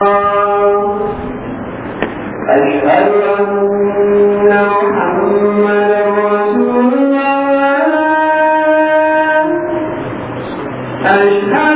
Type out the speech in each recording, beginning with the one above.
أشهد أن محمدا رسول الله أشهد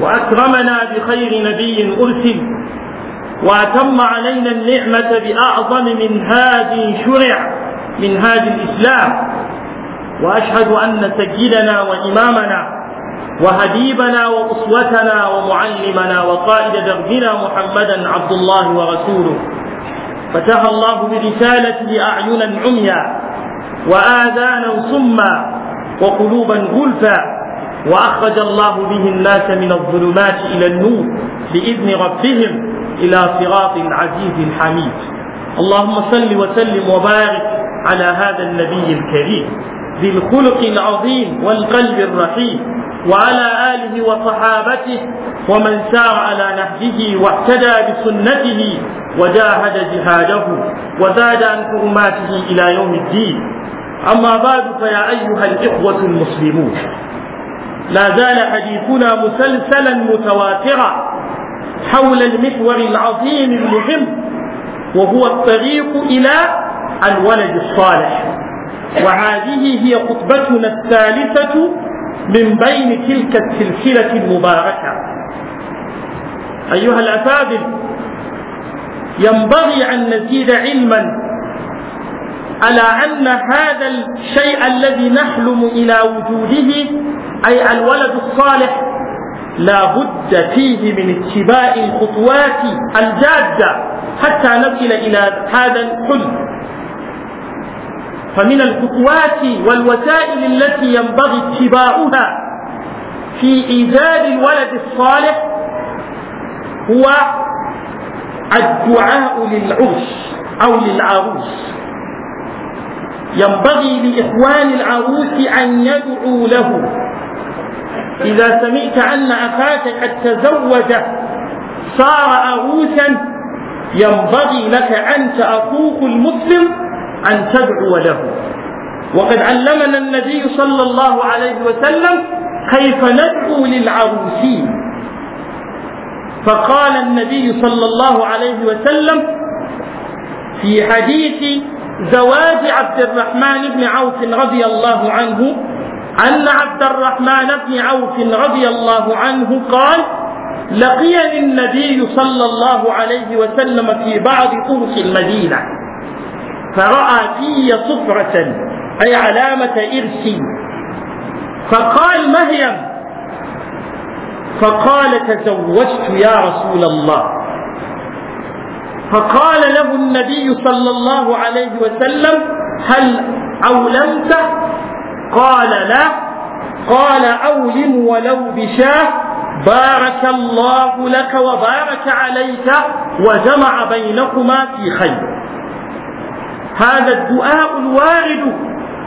وأكرمنا بخير نبي أرسل وأتم علينا النعمة بأعظم منهاج شرع منهاج الإسلام وأشهد أن سيدنا وإمامنا وحبيبنا وأسوتنا ومعلمنا وقائد دربنا محمدا عبد الله ورسوله فتح الله برسالته أعينا عميا وآذانا صما وقلوبا غلفا وأخرج الله به الناس من الظلمات إلى النور بإذن ربهم إلى صراط العزيز الحميد اللهم صل وسلم وبارك على هذا النبي الكريم ذي الخلق العظيم والقلب الرحيم وعلى آله وصحابته ومن سار على نهجه واهتدى بسنته وجاهد جهاده وزاد عن كرماته إلى يوم الدين أما بعد فيا أيها الإخوة المسلمون لا زال حديثنا مسلسلا متواترا حول المحور العظيم المهم وهو الطريق إلى الولد الصالح وهذه هي خطبتنا الثالثة من بين تلك السلسلة المباركة أيها الأساتذة ينبغي أن نزيد علما على أن هذا الشيء الذي نحلم إلى وجوده أي الولد الصالح لا بد فيه من اتباع الخطوات الجادة حتى نصل إلى هذا الحلم فمن الخطوات والوسائل التي ينبغي اتباعها في إيجاد الولد الصالح هو الدعاء للعرش أو للعروس ينبغي لإخوان العروس أن يدعوا له إذا سمعت أن أخاك قد تزوج صار عروسا ينبغي لك أنت أخوك المسلم أن تدعو له وقد علمنا النبي صلى الله عليه وسلم كيف ندعو للعروسين فقال النبي صلى الله عليه وسلم في حديث زواج عبد الرحمن بن عوف رضي الله عنه أن عبد الرحمن بن عوف رضي الله عنه قال لقيني النبي صلى الله عليه وسلم في بعض طرق المدينة فرأى في صفرة أي علامة إرسي فقال مهيم فقال تزوجت يا رسول الله فقال له النبي صلى الله عليه وسلم هل أولمت قال لا قال أولم ولو بشاه بارك الله لك وبارك عليك وجمع بينكما في خير هذا الدعاء الوارد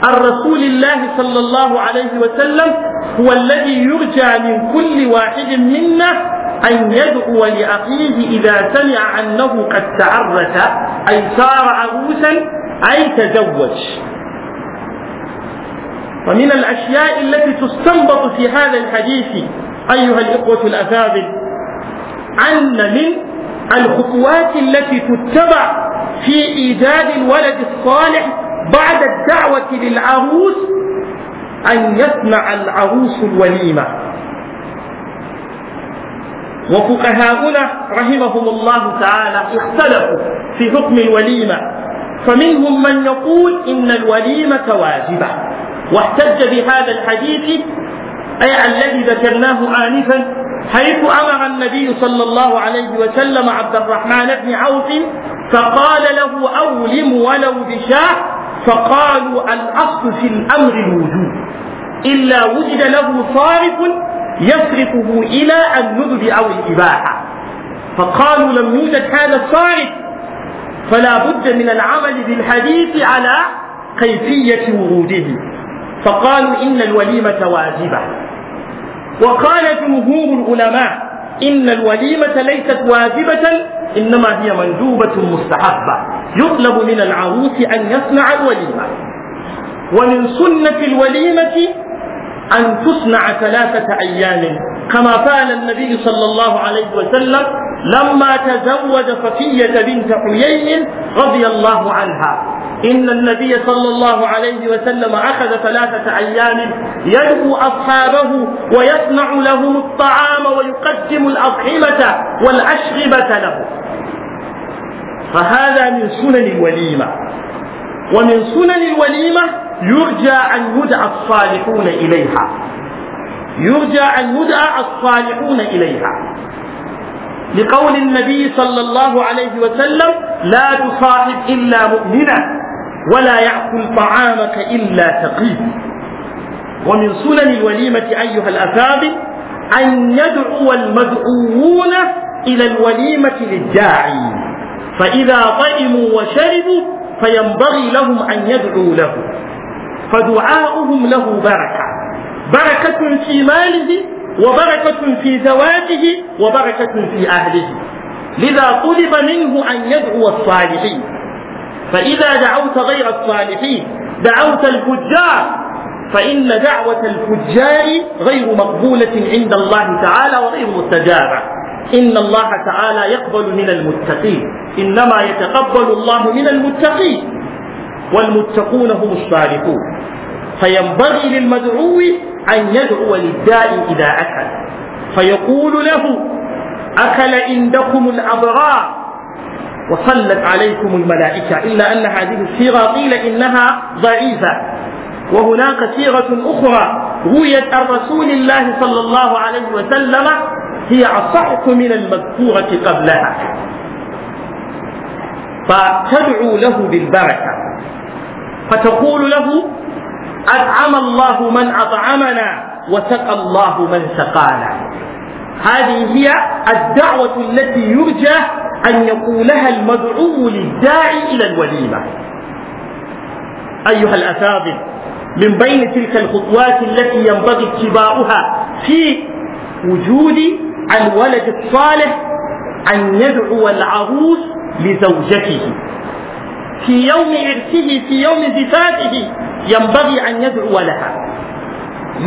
عن رسول الله صلى الله عليه وسلم هو الذي يرجى من كل واحد منا أن يدعو لأخيه إذا سمع أنه قد تعرس أي صار عروسا أي تزوج ومن الأشياء التي تستنبط في هذا الحديث أيها الإخوة الأفاضل أن من الخطوات التي تتبع في إيجاد الولد الصالح بعد الدعوة للعروس أن يسمع العروس الوليمة وفقهاؤنا رحمهم الله تعالى اختلفوا في حكم الوليمة فمنهم من يقول إن الوليمة واجبة واحتج بهذا الحديث أي الذي ذكرناه آنفا حيث أمر النبي صلى الله عليه وسلم عبد الرحمن بن عوف فقال له أولم ولو بشاء فقالوا الأصل في الأمر الوجوب إلا وجد له صارف يصرفه إلى النذر أو الإباحة فقالوا لم يوجد هذا الصارف فلا بد من العمل بالحديث على كيفية وروده فقالوا إن الوليمة واجبة وقال جمهور العلماء إن الوليمة ليست واجبة إنما هي مندوبة مستحبة يطلب من العروس أن يصنع الوليمة ومن سنة الوليمة أن تصنع ثلاثة أيام كما فعل النبي صلى الله عليه وسلم لما تزوج صفية بنت حيي رضي الله عنها إن النبي صلى الله عليه وسلم أخذ ثلاثة أيام يدعو أصحابه ويصنع لهم الطعام ويقدم الأطعمة والأشربة لهم فهذا من سنن الوليمة ومن سنن الوليمة يرجى أن يدعى الصالحون إليها يرجى أن يدعى الصالحون إليها لقول النبي صلى الله عليه وسلم لا تصاحب إلا مؤمنا ولا يأكل طعامك إلا تقي ومن سنن الوليمة أيها الأفاضل أن يدعو المدعوون إلى الوليمة للداعي فإذا طعموا وشربوا فينبغي لهم أن يدعوا له فدعاؤهم له بركة بركة في ماله وبركة في زواجه وبركة في أهله لذا طلب منه أن يدعو الصالحين فإذا دعوت غير الصالحين دعوت الفجار فإن دعوة الفجار غير مقبولة عند الله تعالى وغير مستجابة إن الله تعالى يقبل من المتقين إنما يتقبل الله من المتقين والمتقون هم الصالحون فينبغي للمدعو أن يدعو للداء إذا أكل فيقول له أكل عندكم الأبرار وصلت عليكم الملائكة إلا أن هذه الصيغة قيل إنها ضعيفة وهناك صيغة أخرى رويت عن رسول الله صلى الله عليه وسلم هي أصح من المذكورة قبلها فتدعو له بالبركة فتقول له أطعم الله من أطعمنا وسقى الله من سقانا هذه هي الدعوة التي يرجى أن يقولها المدعو للداعي إلى الوليمة أيها الأساتذة من بين تلك الخطوات التي ينبغي اتباعها في وجود الولد الصالح أن يدعو العروس لزوجته في يوم إرثه في يوم زفافه ينبغي أن يدعو لها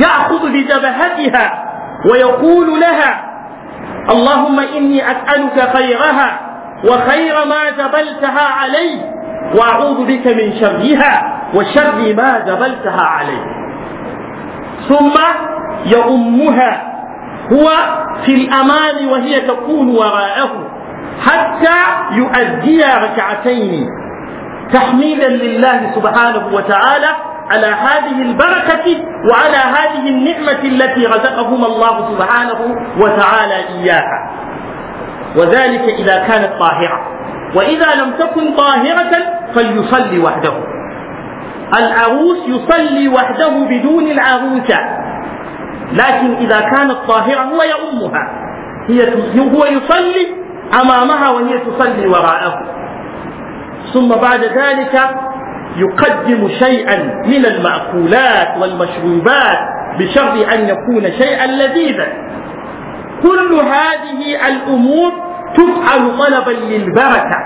يأخذ بجبهتها ويقول لها اللهم إني أسألك خيرها وخير ما جبلتها عليه وأعوذ بك من شرها وشر ما جبلتها عليه ثم يؤمها هو في الأمان وهي تكون وراءه حتى يؤدي ركعتين تحميدا لله سبحانه وتعالى على هذه البركة وعلى هذه النعمة التي رزقهما الله سبحانه وتعالى إياها وذلك إذا كانت طاهرة وإذا لم تكن طاهرة فليصلي وحده العروس يصلي وحده بدون العروسة لكن إذا كانت طاهرة هو يؤمها هي هو يصلي أمامها وهي تصلي وراءه ثم بعد ذلك يقدم شيئا من المأكولات والمشروبات بشرط أن يكون شيئا لذيذا كل هذه الأمور تفعل طلبا للبركة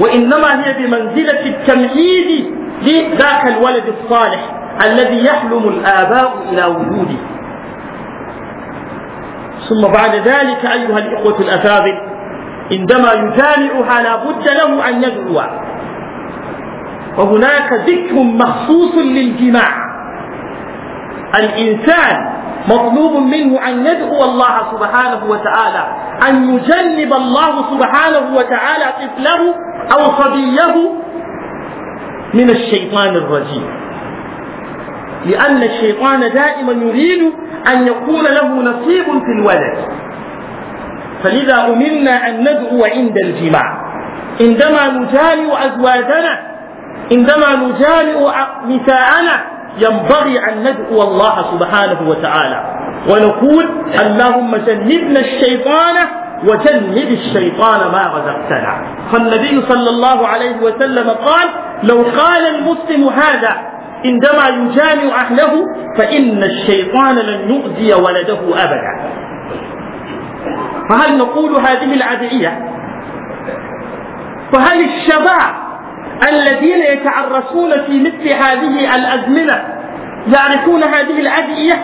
وإنما هي بمنزلة التمهيد لذاك الولد الصالح الذي يحلم الآباء إلى وجوده ثم بعد ذلك أيها الإخوة الأفاضل عندما يجامعها لا بد له أن يدعو وهناك ذكر مخصوص للجماع الإنسان مطلوب منه أن يدعو الله سبحانه وتعالى أن يجنب الله سبحانه وتعالى طفله أو صبيه من الشيطان الرجيم لأن الشيطان دائما يريد أن يكون له نصيب في الولد فلذا أمرنا أن ندعو عند الجماع عندما نجامع أزواجنا عندما نجامع نساءنا ينبغي أن ندعو الله سبحانه وتعالى ونقول اللهم جنبنا الشيطان وجنب الشيطان ما رزقتنا فالنبي صلى الله عليه وسلم قال لو قال المسلم هذا عندما يجامع أهله فإن الشيطان لن يؤذي ولده أبدا فهل نقول هذه العدعية فهل الشباب الذين يتعرسون في مثل هذه الأزمنة يعرفون هذه الأدعية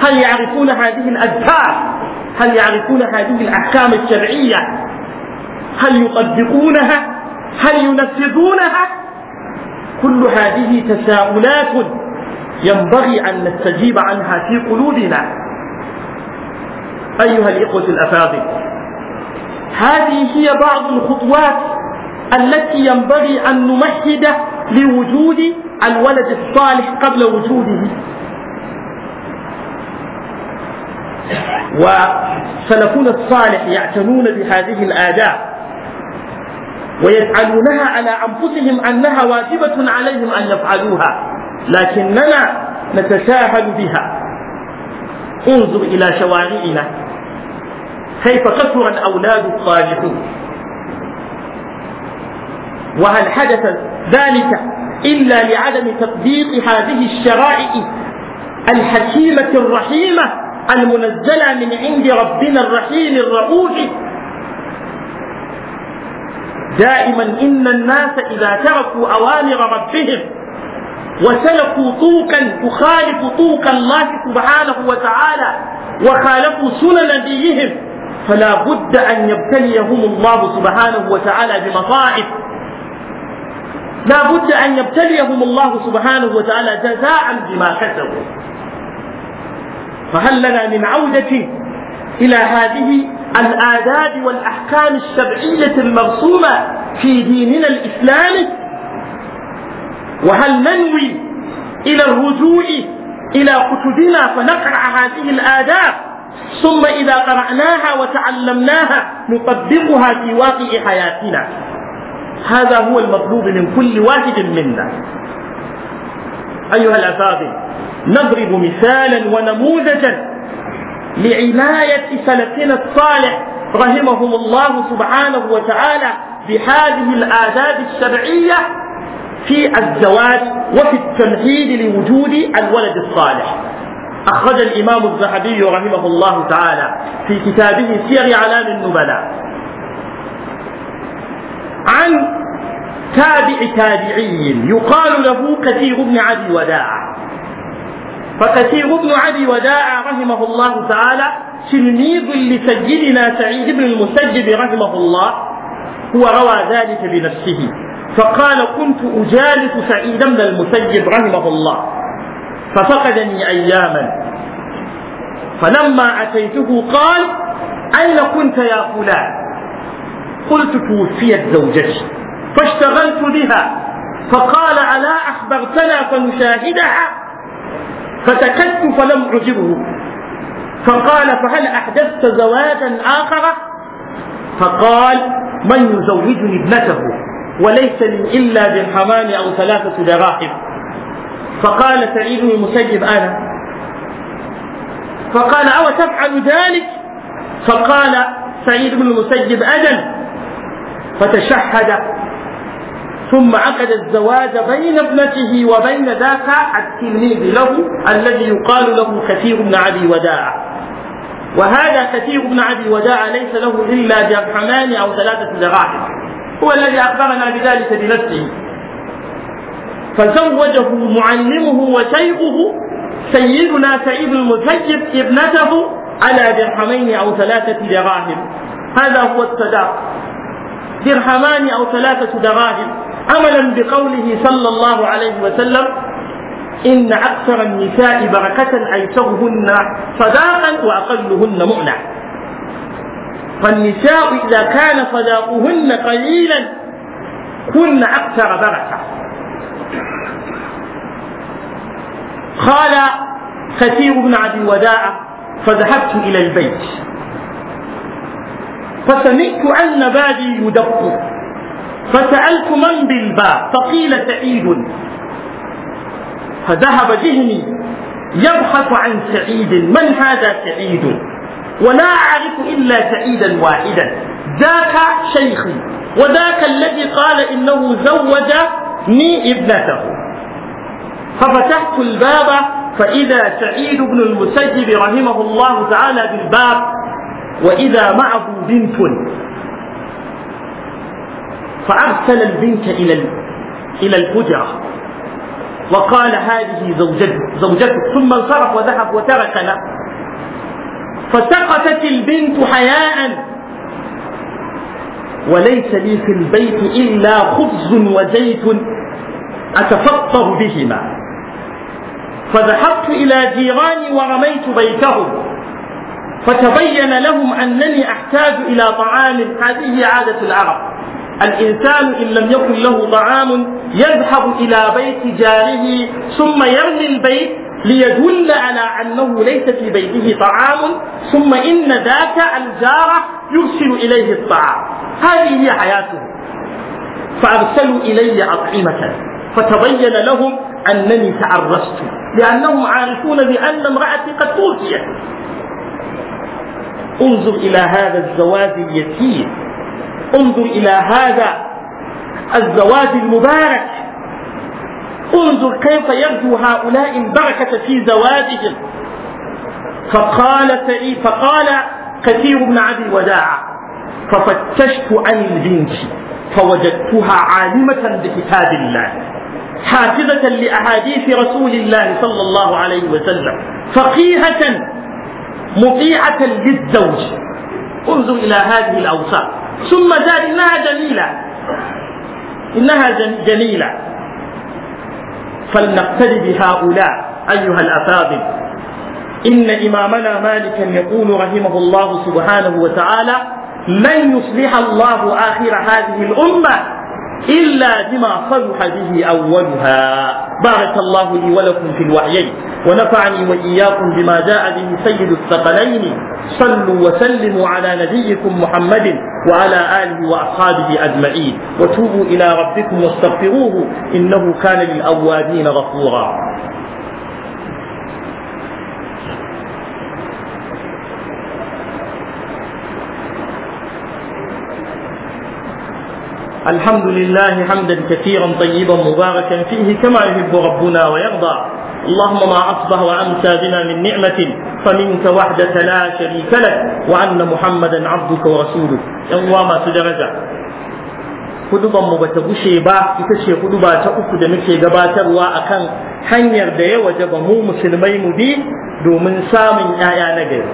هل يعرفون هذه الأذكار هل يعرفون هذه الأحكام الشرعية هل يطبقونها هل ينفذونها كل هذه تساؤلات ينبغي أن نستجيب عنها في قلوبنا أيها الإخوة الأفاضل هذه هي بعض الخطوات التي ينبغي أن نمهد لوجود الولد الصالح قبل وجوده وسلفنا الصالح يعتنون بهذه الآداب ويجعلونها على أنفسهم أنها واجبة عليهم أن يفعلوها لكننا نتساهل بها انظر إلى شوارعنا كيف كثر الأولاد الصالحون وهل حدث ذلك إلا لعدم تطبيق هذه الشرائع الحكيمة الرحيمة المنزلة من عند ربنا الرحيم الرؤوف دائما إن الناس إذا تركوا أوامر ربهم وسلكوا طوقا تخالف طوق الله سبحانه وتعالى وخالفوا سنن نبيهم فلا بد أن يبتليهم الله سبحانه وتعالى بمصائب لا بد أن يبتليهم الله سبحانه وتعالى جزاء بما كسبوا فهل لنا من عودة إلى هذه الآداب والأحكام الشرعية المرسومة في ديننا الإسلامي وهل ننوي إلى الرجوع إلى كتبنا فنقرأ هذه الآداب ثم إذا قرأناها وتعلمناها نطبقها في واقع حياتنا هذا هو المطلوب من كل واحد منا أيها الأفاضل نضرب مثالا ونموذجا لعناية سلفنا الصالح رحمهم الله سبحانه وتعالى بهذه الآداب الشرعية في الزواج وفي التمهيد لوجود الولد الصالح أخرج الإمام الذهبي رحمه الله تعالى في كتابه سير أعلام النبلاء عن تابع تابعي يقال له كثير بن عدي وداع فكثير بن عدي وداع رحمه الله تعالى تلميذ لسيدنا سعيد بن المسجد رحمه الله هو روى ذلك بنفسه فقال كنت أجالس سعيد بن المسجد رحمه الله ففقدني أياما فلما أتيته قال أين كنت يا فلان قلت توفيت زوجتي فاشتغلت بها فقال ألا أخبرتنا فنشاهدها فسكت فلم أعجبه فقال فهل أحدثت زواجا آخر فقال من يزوجني ابنته وليس لي إلا بالحمام أو ثلاثة دراهم فقال سعيد بن المسيب أنا فقال أو تفعل ذلك فقال سعيد بن المسيب أجل فتشهد ثم عقد الزواج بين ابنته وبين ذاك التلميذ له الذي يقال له كثير بن ابي وداع وهذا كثير بن ابي وداع ليس له الا درهمان او ثلاثه دراهم هو الذي اخبرنا بذلك بنفسه فزوجه معلمه وشيخه سيدنا سعيد المسيب ابنته على درهمين أو ثلاثة دراهم هذا هو الصداق درهمان أو ثلاثة دراهم عملا بقوله صلى الله عليه وسلم إن أكثر النساء بركة أيسرهن صداقا وأقلهن مؤنة فالنساء إذا كان صداقهن قليلا كن أكثر بركة قال كثير بن عبد الوداع فذهبت إلى البيت فسمعت أن بابي يدق فسألت من بالباب فقيل سعيد فذهب ذهني يبحث عن سعيد من هذا سعيد ولا أعرف إلا سعيدا واحدا ذاك شيخي وذاك الذي قال إنه زوج ابنته ففتحت الباب فإذا سعيد بن المسيب رحمه الله تعالى بالباب وإذا معه بنت فأرسل البنت إلى إلى الحجرة وقال هذه زوجتك زوجتك ثم انصرف وذهب وتركنا فسقطت البنت حياء وليس لي في البيت إلا خبز وزيت أتفطر بهما فذهبت إلى جيراني ورميت بيتهم فتبين لهم أنني أحتاج إلى طعام هذه عادة العرب الإنسان إن لم يكن له طعام يذهب إلى بيت جاره ثم يرمي البيت ليدل على أنه ليس في بيته طعام ثم إن ذاك الجار يرسل إليه الطعام هذه هي حياته فأرسلوا إلي أطعمة فتبين لهم أنني تعرست لأنهم عارفون بأن امرأتي قد توفيت انظر إلى هذا الزواج اليتيم انظر إلى هذا الزواج المبارك انظر كيف يبدو هؤلاء البركة في زواجهم فقال سعيد فقال كثير بن عبد الوداع ففتشت عن البنت فوجدتها عالمة بكتاب الله حافظة لأحاديث رسول الله صلى الله عليه وسلم فقيهة مطيعة للزوج انظر إلى هذه الأوصاف ثم زاد إنها جميلة إنها جميلة فلنقتدي بهؤلاء أيها الأفاضل إن إمامنا مالكا يقول رحمه الله سبحانه وتعالى لن يصلح الله آخر هذه الأمة إلا بما صلح به أولها بارك الله لي ولكم في الوحيين ونفعني وإياكم بما جاء به سيد الثقلين صلوا وسلموا على نبيكم محمد وعلى آله وأصحابه أجمعين وتوبوا إلى ربكم واستغفروه إنه كان للأوابين غفورا الحمد لله حمدا كثيرا طيبا مباركا فيه كما يحب ربنا ويرضى اللهم ما أصبح وأمسى بنا من نعمة فمنك وحدك لا شريك لك وأن محمدا عبدك ورسولك يوم سدرجة kuduban mu bata gushe ba ita ce kuduba ta uku da muke gabatarwa akan hanyar da ya waje ba mu musulmai mu bi domin samun 'ya'ya na gari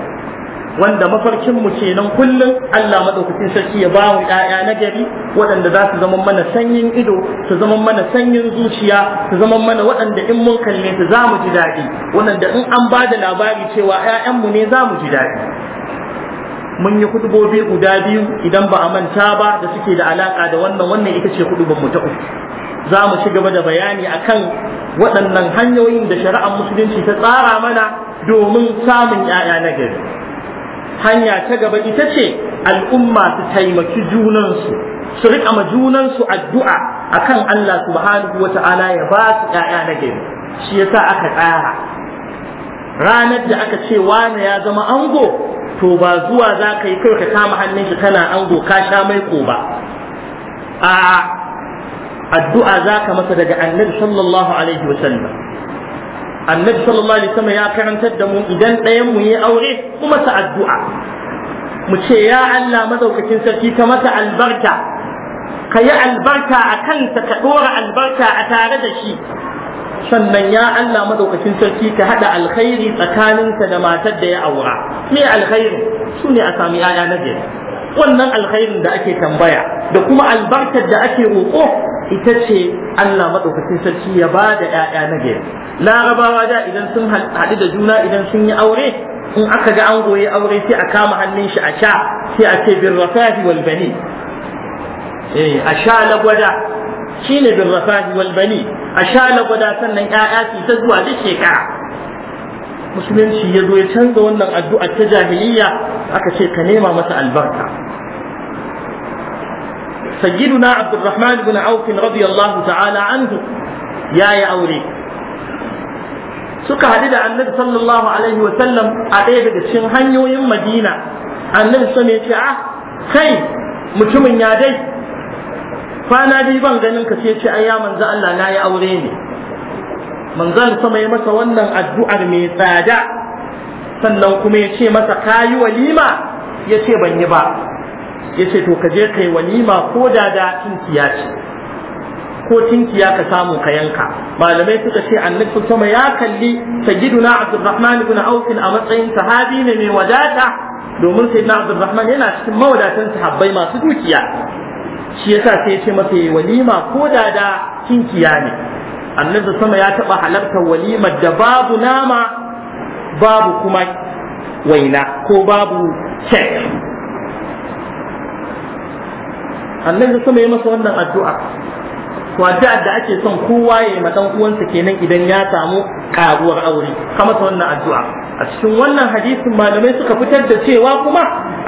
wanda mafarkin mu kenan kullum Allah madaukakin sarki ya ba mu ƴaƴa na gari waɗanda za su zama mana sanyin ido su zama mana sanyin zuciya su zama mana waɗanda in mun kalle su za mu ji daɗi waɗanda in an ba da labari cewa ƴaƴanmu ne za mu ji daɗi mun yi kudubobi guda biyu idan ba a manta ba da suke da alaka da wannan wannan ita ce kudubar ta uku za mu ci gaba da bayani akan waɗannan hanyoyin da shari'ar musulunci ta tsara mana domin samun 'ya'ya na gari hanya ta gaba ita ce al'umma su taimaki junansu su riƙa ma junansu addu'a akan Allah subhanahu wata'ala ya ba su ƴaƴa na gari shi yasa aka tsara ranar da aka ce wane ya zama ango to ba zuwa za ka yi kai ka kama hannun shi kana ango ka sha mai ko ba a addu'a za ka masa daga annabi sallallahu alaihi sallam. annabi sallallahu alaihi wasallam ya karantar da mu idan ɗayan mu yi aure kuma ta addu'a mu ce ya Allah madaukakin sarki ka masa albarka ka yi albarka a kansa ka ɗora albarka a tare da shi sannan ya Allah madaukakin sarki ka haɗa alkhairi tsakaninsa da matar da ya aura me alkhairi su ne a sami 'ya'ya na gari wannan alkhairin da ake tambaya da kuma albarkar da ake roƙo ita ce Allah maɗaukacin sarki ya ba da ‘ya'ya na gari larabawa da idan sun haɗu da juna idan sun yi aure in aka ga an ya aure sai a kama hannun shi a sha sai a ce bin rafahi eh, wal bani a sha lagwada shine bin rafahi wal bani a sha gwada sannan ‘ya'ya su ta zuwa duk shekara musulunci ya zo ya canza wannan addu'a ta jahiliya aka ce ka nema masa albarka sayyiduna abdurrahman ibn auf radiyallahu ta'ala anhu ya yi aure suka haɗu da annabi sallallahu alaihi wa sallam a ɗaya daga cikin hanyoyin madina annabi sama ya ah, mutumin ya dai kwana biyu ban ganin ka sai ce ai ya manzo Allah na yi aure ne manzan sama ya masa wannan addu'ar mai tsada sannan kuma ya ce masa kayi walima ya ce ban yi ba ya ce to ka je kai walima ko da da tinkiya ce ko tinkiya ka samu ka yanka malamai suka ce annabi sama ya kalli sayyiduna abdurrahman ibn auf a matsayin sahabi ne mai wadata domin sayyidina abdurrahman yana cikin mawadatan sahabbai masu dukiya shi yasa sai ya ce masa walima ko da da tinkiya ne annabi sama ya taɓa halartar walimar da babu nama babu kuma waina ko babu kek annabi sama ya masa wannan addu'a to addu'a da ake son kowa ya yi ma uwansa kenan idan ya samu karuwar aure kamar wannan addu'a a cikin wannan hadisin malamai suka fitar da cewa kuma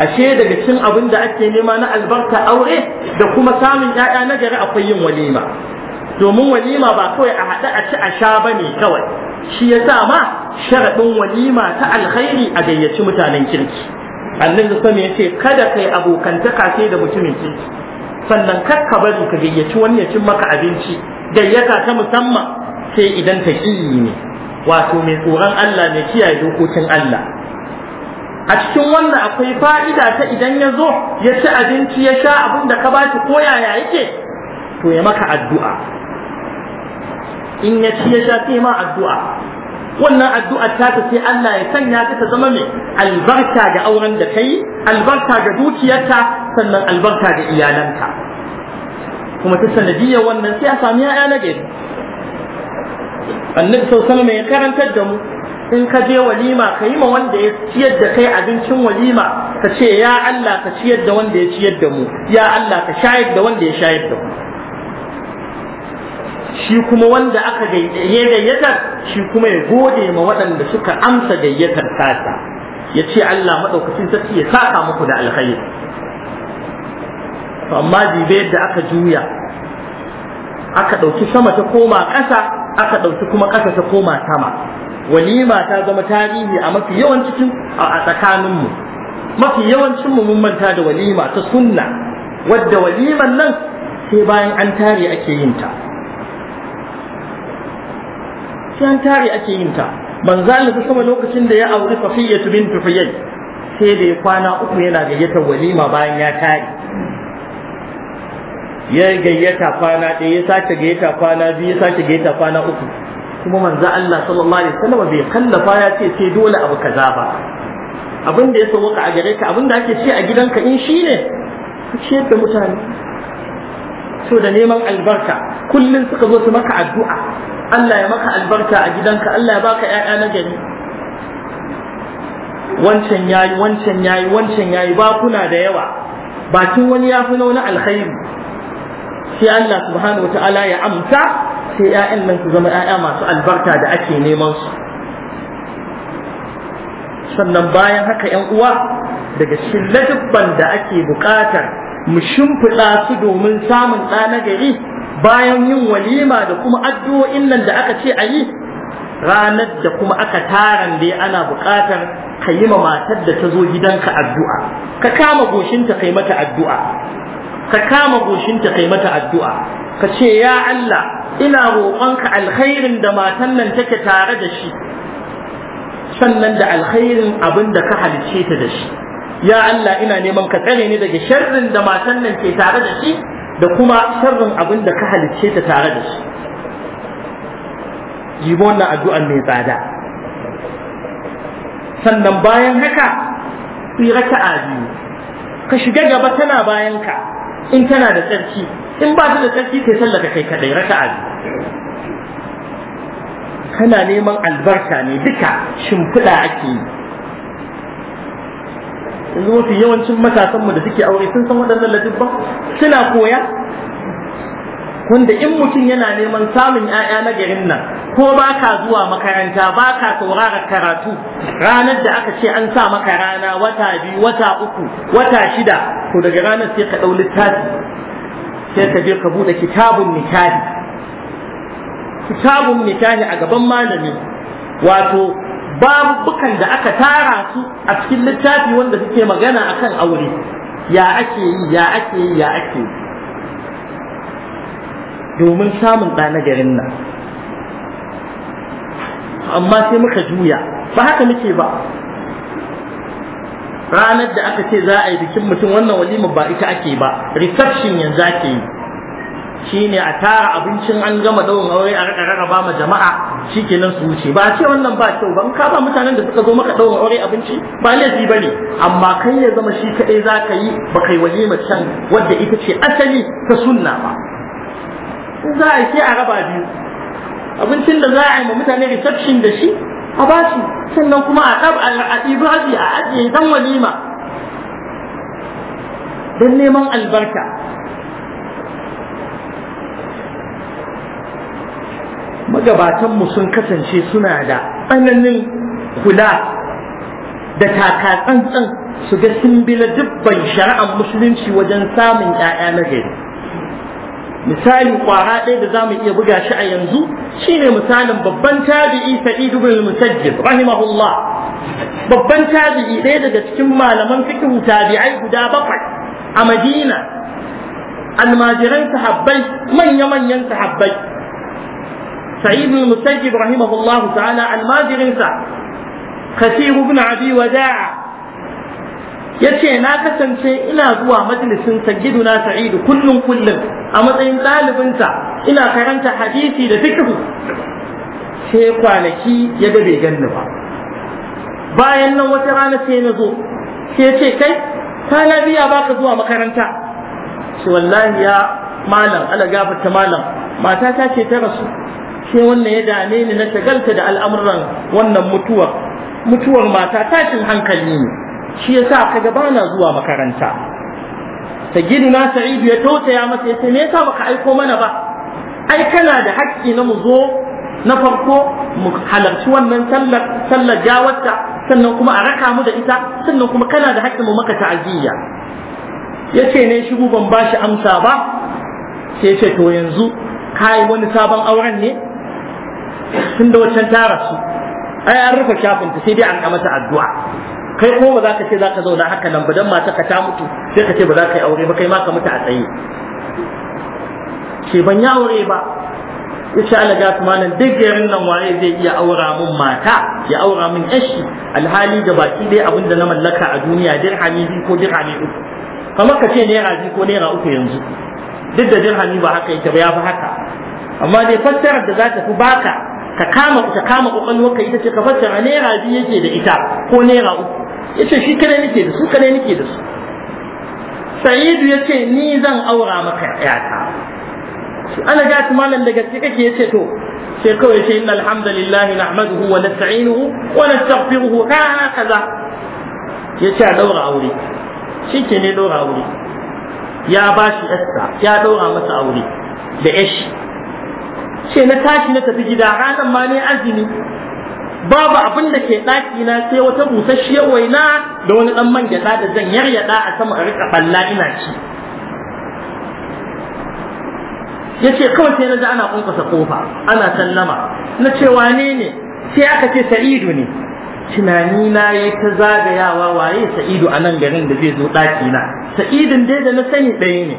ashe daga cikin abin da ake nema na albarka aure da kuma samun 'ya'ya na gari akwai yin walima domin walima ba kawai a haɗa a ci a sha ba ne kawai shi ya sa ma sharaɗin walima ta alkhairi a gayyaci mutanen kirki annan da sami ya ce kada kai abokantaka sai da mutumin kirki sannan kar ka bari ka gayyaci wani ya cin maka abinci gayyata ta musamman sai idan ta ne wato mai tsoron Allah mai kiyaye dokokin Allah a cikin wannan akwai fa'ida ta idan yazo ya ci abinci ya sha abin da ka ba shi ko yaya yake to ya maka addu'a in ya ci ya sha ma addu'a wannan addu'a ta ta sai Allah ya sanya ta ta zama mai albarka ga auren da kai albarka ga dukiyarka sannan albarka ga iyalanka kuma ta sanadiyar wannan sai a sami ya'ya na gari annabi sau sama mai karantar da mu in ka je walima ka yi ma wanda ya ciyar da kai abincin walima ka ce ya Allah ka ciyar da wanda ya ciyar da mu ya Allah ka shayar da wanda ya shayar da mu shi kuma wanda aka gayyatar shi kuma ya gode ma waɗanda suka amsa gayyatar tasa ya ce Allah maɗaukacin sarki ya saka muku da alkhair to amma jibe yadda aka juya aka ɗauki sama ta koma ƙasa aka ɗauki kuma ƙasa ta koma sama walima ta zama tarihi a mafi yawancin a tsakaninmu mafi yawancin mu mun manta da walima ta sunna wadda waliman nan sai bayan an tare ake yin ta sai an tare ake yin ta manzo Allah sama lokacin da ya auri Safiyyatu bintu Huyay sai da ya kwana uku yana gayyatar walima bayan ya tare ya gayyata kwana ɗaya ya sake gayyata kwana biyu ya sake gayyata kwana uku kuma manzo Allah sallallahu alaihi wasallam bai kallafa ya ce sai dole abu kaza ba abin da ya sauka a gare ka abin da ake ce a gidanka in shine ku ciyar da mutane so da neman albarka kullum suka zo su maka addu'a Allah ya maka albarka a gidanka Allah ya baka ƴaƴa na gari wancan yayi wancan yayi wancan yayi kuna da yawa bakin wani ya fi nauna alkhairi sai Allah subhanahu wataala ya amsa sai 'ya'yan nan su zama 'ya'ya masu albarka da ake neman su sannan bayan haka 'yan uwa daga cikin ladabban da ake buƙatar mu shimfiɗa su domin samun ɗa na gari bayan yin walima da kuma addu'o'in nan da aka ce a yi ranar da kuma aka taran dai ana buƙatar ka yi ma matar da ta zo gidanka addu'a ka kama goshinta kai mata addu'a ka kama goshinta kai mata addu'a ka ce ya Allah ina roƙonka alkhairin da matan nan take tare da shi sannan da alkhairin abin da ka halice ta da shi ya Allah ina neman ka tsare ni daga sharrin da matan nan ke tare da shi da kuma sharrin abin da ka halicce ta tare da shi yi wannan addu'an mai tsada sannan bayan haka ku yi raka'a ka shiga gaba tana bayan ka in tana da tsarki in ba ta da tsarki kai sallaka kai kadai raka'a biyu kana neman albarka ne duka shimfiɗa ake yi yanzu mafi yawancin matasanmu da suke aure sun san waɗannan latifan suna koya wanda in mutum yana neman samun 'ya'ya na garin nan ko ba ka zuwa makaranta ba ka saurara karatu ranar da aka ce an sa maka rana wata biyu wata uku wata shida to daga ranar sai ka ɗau littafi sai ka je ka buɗe kitabun nikahi kitabun nikahi a gaban malami wato babukan da aka tara su a cikin littafi wanda suke magana akan aure ya ake yi ya ake yi ya ake yi domin samun ɗa na garin nan amma sai muka juya ba haka muke ba ranar da aka ce za a yi bikin mutum wannan walimar ba ita ake ba reception yanzu ake yi shine a tara abincin an gama daurin aure a raka ba ma jama'a shikenan su wuce ba ce wannan ba kyau ba in ka ba mutanen da suka zo maka daurin aure abinci ba laifi bane amma kai ya zama shi kadai zaka yi ba kai walima can wadda ita ce asali ta sunna ba za a ce a raba biyu abincin da za a yi ma mutane reception da shi a bashi sannan kuma a ɗab a ɗibaji a ajiye dan walima don neman albarka magabatanmu sun kasance suna da tsananin kula da taka tsantsan su ga sun bila dubban shari'ar musulunci wajen samun 'ya'ya na gari misali kwara ɗaya da zamu iya buga shi a yanzu shine misalin babban tabi'i Sa'id ibn al rahimahullah babban tabi'i ɗaya daga cikin malaman fiqh tabi'ai guda bakwai a Madina almajiran sahabbai manya-manyan sahabbai سعيد المسيب رحمه الله تعالى الماجر انسى كثير بن عبي وداع yace na kasance ina zuwa majalisin sayyiduna sa'idu kullum kullum a matsayin ɗalibinsa ina karanta hadisi da fikihu sai kwanaki ya ga bai ganni ba bayan nan wata rana sai na zo sai ce kai na biya baka zuwa makaranta ce wallahi ya malam ala gafarta malam mata ta ce ta rasu sai wannan ya dame ni na shagalta da al'amuran wannan mutuwar mutuwar mata tashin hankali ne shi yasa kaga bana zuwa makaranta na sa'idu ya tausaya masa ya me yasa baka aiko mana ba ai kana da haƙƙi na mu zo na farko mu halarci wannan sallar sallar jawarta sannan kuma a raka mu da ita sannan kuma kana da haƙƙin mu maka ta'aziyya yace ne shigo ban bashi amsa ba sai ce to yanzu kai wani sabon auren ne tun da wancan ta rasu ai an rufe ta sai dai an mata addu'a kai ko ba za ka ce za ka zauna haka nan ba dan mata ka ta mutu sai ka ce ba za ka yi aure ba kai ma ka mutu a tsaye ke ban yi aure ba ya ce ala gasu ma nan duk garin nan waye zai iya aura min mata ya aura min yashi alhali da baki dai abin da na mallaka a duniya dirhami biyu ko dirhami uku kamar ka ce naira biyu ko naira uku yanzu duk da dirhami ba haka yake ba ya fi haka amma dai fassarar da za ta fi baka ka kama ka kama kokalwarka ita ce ka fassara naira biyu yake da ita ko naira uku yace shi kare nake da su kare nake da su sa'idu yace ni zan aura maka yata ana ga nan daga gaske kake yace to sai kawai sai innal hamdalillah nahmaduhu wa nasta'inuhu wa nastaghfiruhu kana kaza yace a daura aure shike ne daura aure ya bashi esta ya daura masa aure da yashi ce na tashi na tafi gida ranar ma ne azumi babu abin da ke ɗaki na sai wata busasshiyar waina da wani ɗan man gyaɗa da zan yaryaɗa a sama a riƙa balla ina ci Yace ce kawai sai na ji ana ƙunƙasa ƙofa ana sallama na ce wane ne sai aka ce sa'idu ne tunani na ya ta zagayawa waye sa'idu a nan garin da zai zo ɗaki na sa'idin dai da na sani ɗaya ne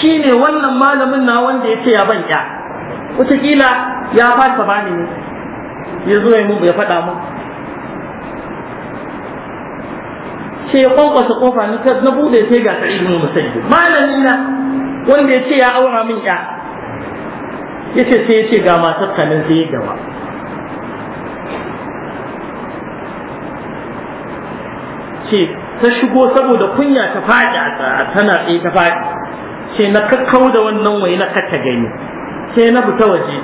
shine wannan malamin na wanda ya ce ya ban ya wataƙila ya fasa bani ne ya zo ya mubu ya faɗa mu sai ya kwankwasa kofa na bude sai ga sa'id mu musayyib malamin na wanda ya ce ya aura min ya ce sai ya ce ga matar kanin sai ya gaba ce ta shigo saboda kunya ta faɗi a tana tsaye ta faɗi ce na kakkau da wannan wai na kata gani sai na fita waje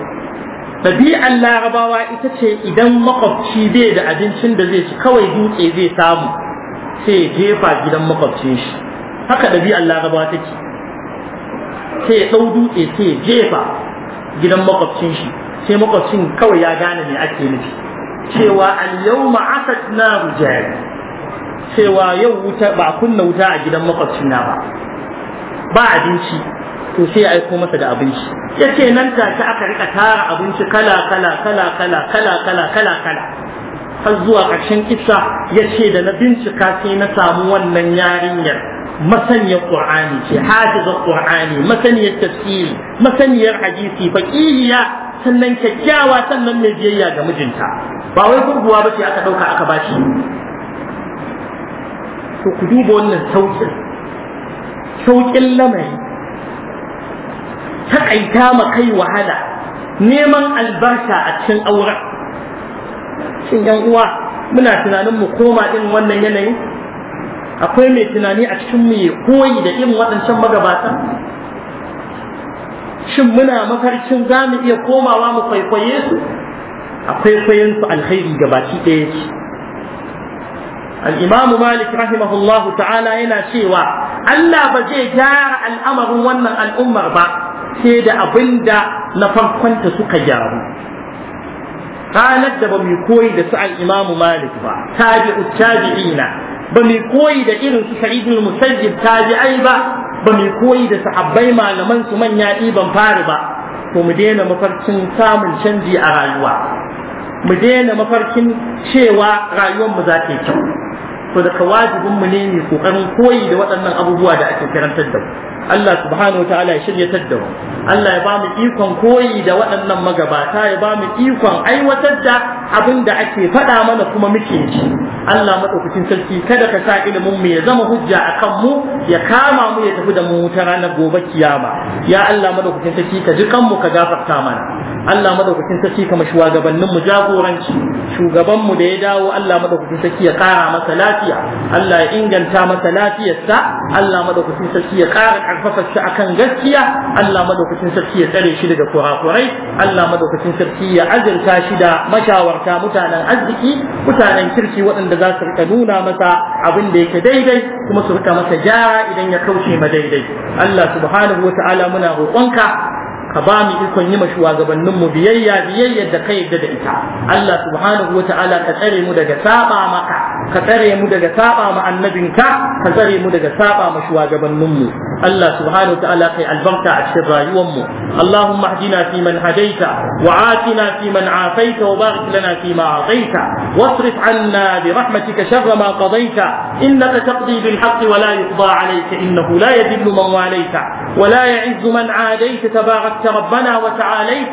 tabi'an larabawa ita ce idan makwabci bai da abincin da zai ci kawai dutse zai samu sai jefa gidan makwabcin shi haka ɗabi'an larabawa take sai ɗau dutse sai jefa gidan makwabcin shi sai makwabcin kawai ya gane me ake nufi cewa al-yawma asat naru cewa yau ba kunna wuta a gidan makwabcin na ba ba abinci to sai ya aiko masa da abinci ya ce nan ta ta aka rika tara abinci kala kala kala kala kala kala kala kala har zuwa ƙarshen kisa ya ce da na bincika sai na samu wannan yarinyar masaniyar ƙur'ani ce hafizar ƙur'ani masaniyar tafsiri masaniyar hadisi faƙihiya sannan kyakkyawa sannan mai biyayya ga mijinta ba wai gurguwa ba ce aka ɗauka aka bashi to ku duba wannan sauƙin sauƙin lamari taƙaita ma kai wahala neman albarka a cikin auren shin yan uwa muna tunanin mu koma din wannan yanayin akwai mai tunani a cikin mu ya koyi da irin waɗancan magabatan shin muna mafarkin za mu iya komawa mu kwaikwaye su a kwaikwayen su alkhairi gabaki ɗaya ce al-imam malik rahimahullahu ta'ala yana cewa Allah ba zai yara al'amarin wannan al'ummar ba sai da abin da na farkonta suka gyaru ranar da ba mu koyi da su al malik ba tabi'u tabi'ina ba mu koyi da irin su sa'id al-musayyib tabi'ai ba ba mu koyi da sahabbai malaman su manya ɗiban fari ba to mu daina mafarkin samun canji a rayuwa mu daina mafarkin cewa rayuwar mu za ta yi kyau to daga wajibin mu ne mu kokarin koyi da waɗannan abubuwa da ake karantar da mu Allah subhanahu wa ta'ala ya shiryatar da mu Allah ya bamu ikon koyi da waɗannan magabata ya bamu ikon aiwatar da abin da ake faɗa mana kuma muke ji Allah madaukakin sarki kada ka sa ilimin mu ya zama hujja akan mu ya kama mu ya tafi da mu ta ranar gobe kiyama ya Allah madaukakin sarki ka ji mu ka gafarta mana Allah madaukakin sarki kama shugabannin mu jagoranci shugaban mu da ya dawo Allah madaukakin sarki ya kara masa lafiya Allah ya inganta masa lafiyarsa Allah madaukakin sarki ya kara albasar shi akan gaskiya Allah madaukakin sarki ya tsare shi daga kurakurai Allah madaukakin sarki ya azurta shi da mashawarta mutanen arziki mutanen kirki waɗanda za su rika nuna masa abin da yake daidai kuma su rika masa gyara idan ya kauce ma daidai Allah subhanahu wataala muna roƙonka ka ba mu ikon yi ma shugabannin mu biyayya biyayya da kai yadda da ita Allah subhanahu wataala ka tsare mu daga saba maka ka tsare mu daga saba ma annabinka ka tsare mu daga saba ma mu الله سبحانه وتعالى كي البنك عشر يومه اللهم اهدنا فيمن هديت وعافنا فيمن عافيت وبارك لنا فيما أعطيت واصرف عنا برحمتك شر ما قضيت إنك تقضي بالحق ولا يقضى عليك إنه لا يذل من واليت ولا يعز من عاديت تباركت ربنا وتعاليت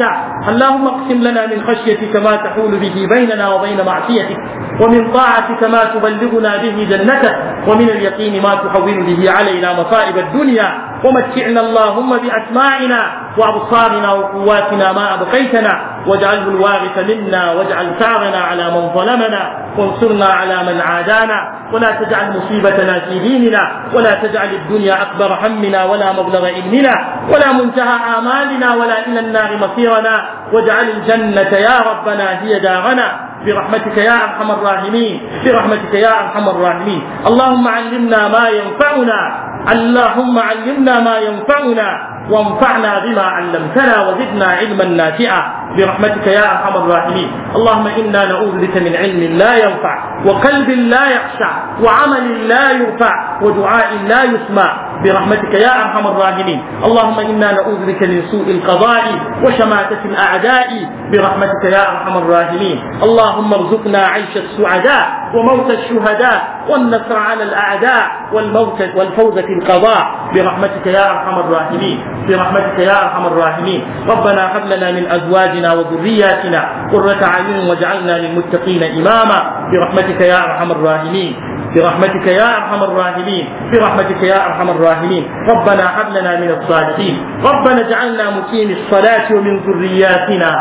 اللهم اقسم لنا من خشيتك ما تحول به بيننا وبين معصيتك ومن طاعتك ما تبلغنا به جنتك ومن اليقين ما تحول به علينا مصائب الدنيا ومتعنا اللهم بأسماعنا وأبصارنا وقواتنا ما أبقيتنا واجعله الوارث منا واجعل ثارنا على من ظلمنا وانصرنا على من عادانا ولا تجعل مصيبتنا في ديننا ولا تجعل الدنيا أكبر همنا ولا مبلغ علمنا ولا منتهى آمالنا ولا إلى النار مصيرنا واجعل الجنة يا ربنا هي دارنا برحمتك يا ارحم الراحمين برحمتك يا ارحم الراحمين اللهم علمنا ما ينفعنا اللهم علمنا ما ينفعنا وانفعنا بما علمتنا وزدنا علما نافعا برحمتك يا ارحم الراحمين، اللهم انا نعوذ بك من علم لا ينفع، وقلب لا يخشع، وعمل لا يرفع، ودعاء لا يسمع، برحمتك يا أرحم الراحمين اللهم إنا نعوذ بك من سوء القضاء وشماتة الأعداء برحمتك يا أرحم الراحمين اللهم ارزقنا عيش السعداء وموت الشهداء والنصر على الأعداء والموت والفوز في القضاء برحمتك يا أرحم الراحمين برحمتك يا أرحم الراحمين ربنا هب لنا من أزواجنا وذرياتنا قرة أعين واجعلنا للمتقين إماما برحمتك يا أرحم الراحمين برحمتك يا ارحم الراحمين برحمتك يا ارحم الراحمين ربنا هب لنا من الصالحين ربنا اجعلنا مقيم الصلاه ومن ذرياتنا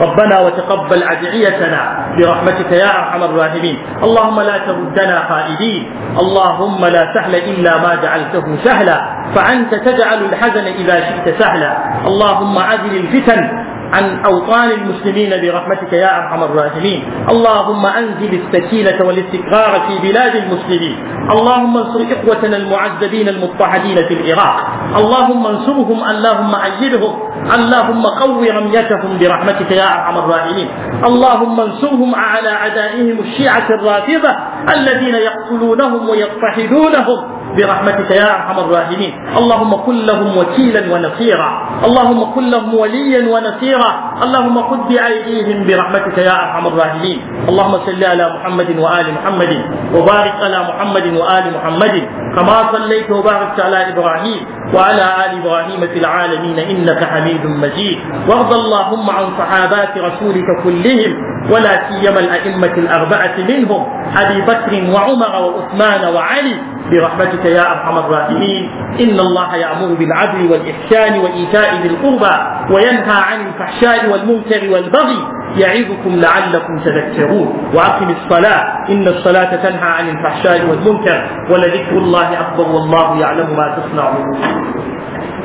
ربنا وتقبل أدعيتنا برحمتك يا أرحم الراحمين اللهم لا تردنا خائبين اللهم لا سهل إلا ما جعلته سهلا فأنت تجعل الحزن إذا شئت سهلا اللهم عزل الفتن عن أوطان المسلمين برحمتك يا أرحم الراحمين اللهم أنزل السكينة والاستقرار في بلاد المسلمين اللهم انصر إخوتنا المعذبين المضطهدين في العراق اللهم انصرهم اللهم أيدهم اللهم قو رميتهم برحمتك يا أرحم الراحمين اللهم انصرهم على أعدائهم الشيعة الرافضة الذين يقتلونهم ويضطهدونهم برحمتك يا ارحم الراحمين اللهم كن لهم وكيلا ونصيرا اللهم كن لهم وليا ونصيرا اللهم خذ بايديهم برحمتك يا ارحم الراحمين اللهم صل على محمد وال محمد وبارك على محمد وال محمد كما صليت وباركت على ابراهيم وعلى ال ابراهيم في العالمين انك حميد مجيد وارض اللهم عن صحابات رسولك كلهم ولا سيما الائمه الاربعه منهم ابي بكر وعمر وعثمان وعلي برحمتك يا أرحم الراحمين إن الله يأمر بالعدل والإحسان وإيتاء ذي القربى وينهى عن الفحشاء والمنكر والبغي يعظكم لعلكم تذكرون وأقم الصلاة إن الصلاة تنهى عن الفحشاء والمنكر ولذكر الله أكبر والله يعلم ما تصنعون